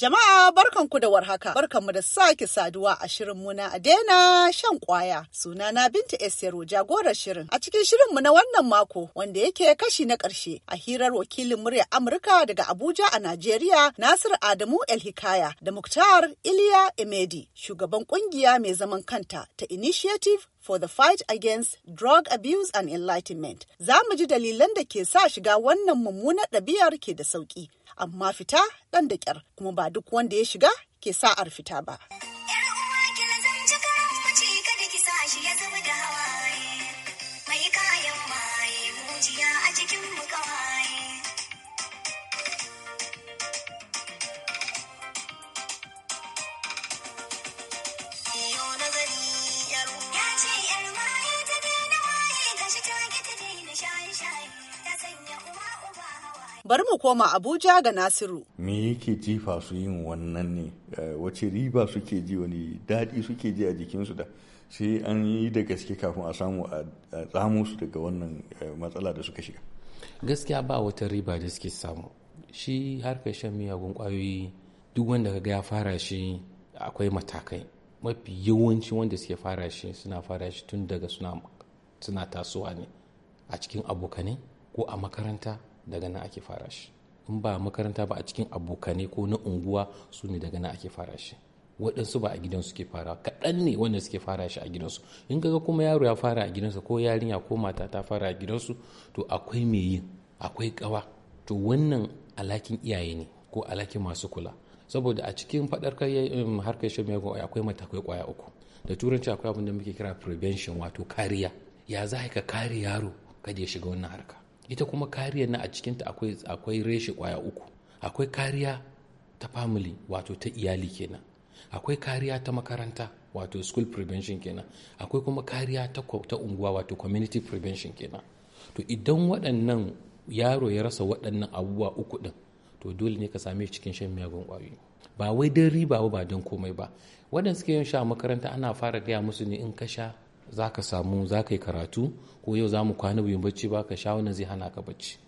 Jama'a barkanku da warhaka, barkanmu da sake saduwa a shirin na a daina shan kwaya. na Binta Esero jagorar shirin. A cikin shirinmu na wannan mako wanda yake kashi na ƙarshe a hirar wakilin Murya Amurka daga Abuja a Najeriya Nasir Adamu El Hikaya da Muktar Iliya Emedi, shugaban ƙungiya mai zaman kanta ta Initiative for the Fight Against Drug Abuse and Enlightenment. Za mu ji dalilan da ke sa shiga wannan mummunar ɗabi'ar ke da sauƙi, amma fita ɗan da ƙyar, kuma ba duk wanda ya shiga ke sa'ar fita ba. bari mu koma abuja ga nasiru me yake jifa su yin wannan ne eh, wace riba suke ji wani daɗi suke ji a jikinsu da sai an yi da gaske kafin a samu a tsamo su daga wannan eh, matsala da suka shiga gaskiya ba wata riba da suke samu shi harkar shan miyagun kwayoyi duk wanda kaga ya fara shi akwai matakai mafi yawanci wanda suke fara shi suna fara shi tun daga suna tasowa ne a cikin abokanai ko a makaranta daga nan ake fara shi in ba makaranta ba a cikin abokane ko na unguwa su ne daga nan ake fara shi waɗansu ba a gidan suke fara kaɗan ne wanda suke fara shi a gidansu in ga kuma yaro ya fara a gidansa ko yarinya ko mata ta fara a gidansu to akwai me yin akwai ƙawa to wannan alakin iyaye ne ko alakin masu kula saboda a cikin faɗar um, harkar shan miyagun akwai matakai kwaya uku da turanci akwai abin da muke kira prevention wato kariya ya za ka kare yaro kada ya shiga wannan harka ita kuma kariyar na a cikinta akwai akwai reshe kwaya uku akwai kariya ta family wato ta iyali kenan akwai kariya ta makaranta wato school prevention kenan akwai kuma kariya ta, unguwa wato community prevention kenan to idan waɗannan yaro ya rasa waɗannan abubuwa uku ɗin to dole ne ka same shi cikin shan miyagun ƙwayoyi ba wai don riba ba ba don komai ba waɗanda suke yin sha makaranta ana fara gaya musu ne in ka sha za ka samu za ka yi karatu ko yau za mu kwana biyun bacci ba ka sha wannan zai hana ka bacci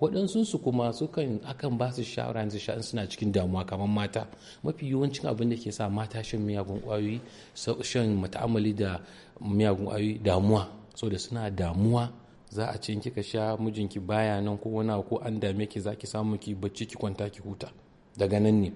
waɗansunsu kuma sukan akan ba su shawara yanzu sha'an suna cikin damuwa kamar mata mafi yawancin abin da ke sa mata shan miyagun ƙwayoyi shan mata'amali da miyagun ƙwayoyi damuwa so da suna damuwa za a ce kika sha mijinki baya nan ko wani ko an dame ki za ki samu ki bacci ki kwanta ki huta daga nan ne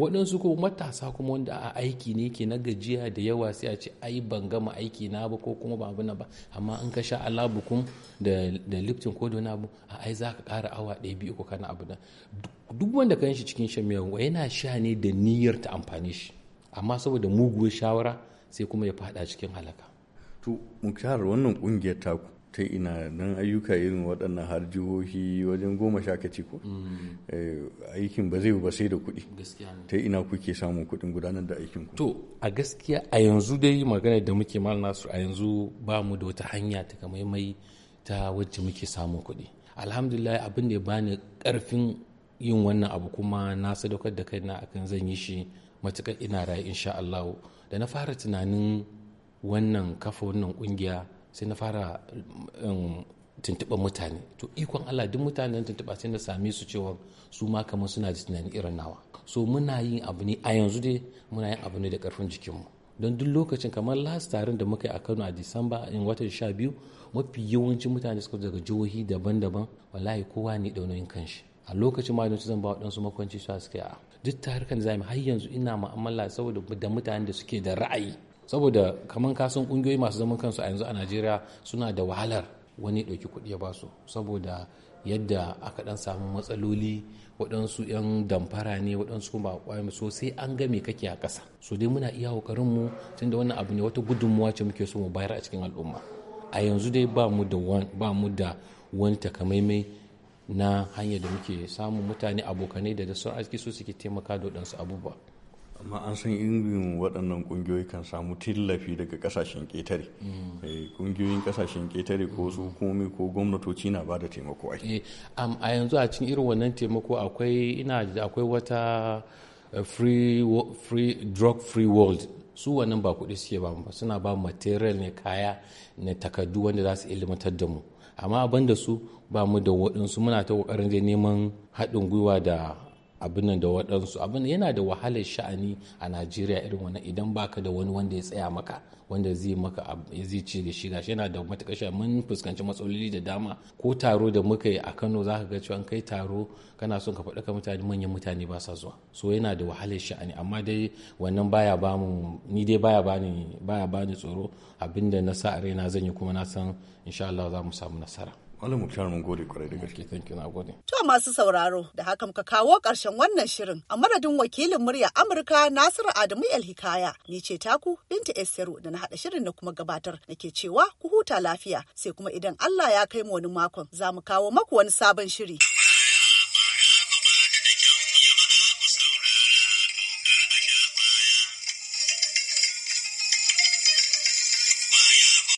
waɗansu ko matasa kuma wanda a aiki ne ke na gajiya da yawa sai a ce ai ban gama aiki na ba ko kuma ba na ba amma in ka sha alabukun da liptin ko da abu a ai za ka ƙara awa ɗaya biyu ko kana abu duk wanda ka shi cikin shan wa yana sha ne da niyyar ta amfani shi amma saboda muguwar shawara sai kuma ya faɗa cikin halaka to muktar wannan ƙungiyar taku ta ina nan ayyuka irin waɗannan har jihohi wajen goma sha kaci ko mm. eh, aikin ba zai ba sai da kuɗi ta ina kuke samun kuɗin gudanar da aikin ku to a gaskiya a yanzu dai magana da muke mal nasu a yanzu ba mu da wata hanya ta ta wacce muke samun kuɗi alhamdulillah abin da ya bani karfin yin wannan abu kuma na sadaukar da kaina akan zan yi shi matuƙar ina rayu insha Allah da na fara tunanin wannan kafa wannan ƙungiya sai na fara um, tuntuɓar mutane to ikon Allah duk mutane na tuntuɓa sai na same su cewa su ma kamar suna da tunani irin nawa so muna yin abu ne a yanzu dai muna yin abu ne da ƙarfin jikinmu don duk lokacin kamar last tarin da muka yi a Kano a Disamba in watan sha biyu mafi yawancin mutane suka daga jihohi daban-daban wallahi kowa ne daunoyin kanshi a lokacin ma yanzu zan ba waɗansu makwanci su suka yi a duk tarukan da zamu har yanzu ina ma'amala saboda da mutanen da suke da ra'ayi saboda kamar kasan kungiyoyi masu zaman kansu a yanzu a najeriya suna da wahalar wani ɗauki kuɗi ya basu saboda yadda aka ɗan samu matsaloli waɗansu 'yan damfara ne waɗansu kuma ƙwayoyi so sai an ga me kake a ƙasa so dai muna iya mu tunda wannan abu ne wata gudunmuwa ce muke so mu bayar a cikin al'umma a yanzu dai ba mu da wani takamaimai na hanyar da muke samun mutane abokanai da da sun arziki so suke taimaka da waɗansu abubuwa amma an san irin waɗannan ƙungiyoyi kan samu tallafi daga ƙasashen ƙetare mm. eh, ƙungiyoyin ƙasashen ƙetare ko mm. su hukumomi ko gwamnatoci na ba da taimako ai eh, a yanzu a cikin irin wannan taimako akwai ina akwai wata eh, drug free world su wannan ba kuɗi suke ba ba suna ba material ne kaya ne takardu wanda za su ilimantar da mu amma abin da su ba mu da waɗansu muna ta ƙoƙarin neman haɗin gwiwa da abin da waɗansu abin yana da wahalar sha'ani a najeriya irin wannan idan baka da wani wanda ya tsaya maka wanda zai maka zai ce da shi gashi yana da matuƙar sha mun fuskanci matsaloli da dama ko taro da muka yi a kano zaka ga cewa kai taro kana son ka faɗa ka mutane manyan mutane ba sa zuwa so yana da wahalar sha'ani amma dai wannan baya ba mu ni dai baya bani baya bani tsoro abinda na sa a raina zan yi kuma na san insha Allah za mu samu nasara Malam Muktar mun gode kwarai da gaske. Thank you na gode. To masu sauraro da haka muka kawo ƙarshen wannan shirin a madadin wakilin murya Amurka Nasiru Adamu El Hikaya ni ce taku Binta Esteru da na haɗa shirin da kuma gabatar nake cewa ku huta lafiya sai kuma idan Allah ya kai mu wani makon za mu kawo maku wani sabon shiri.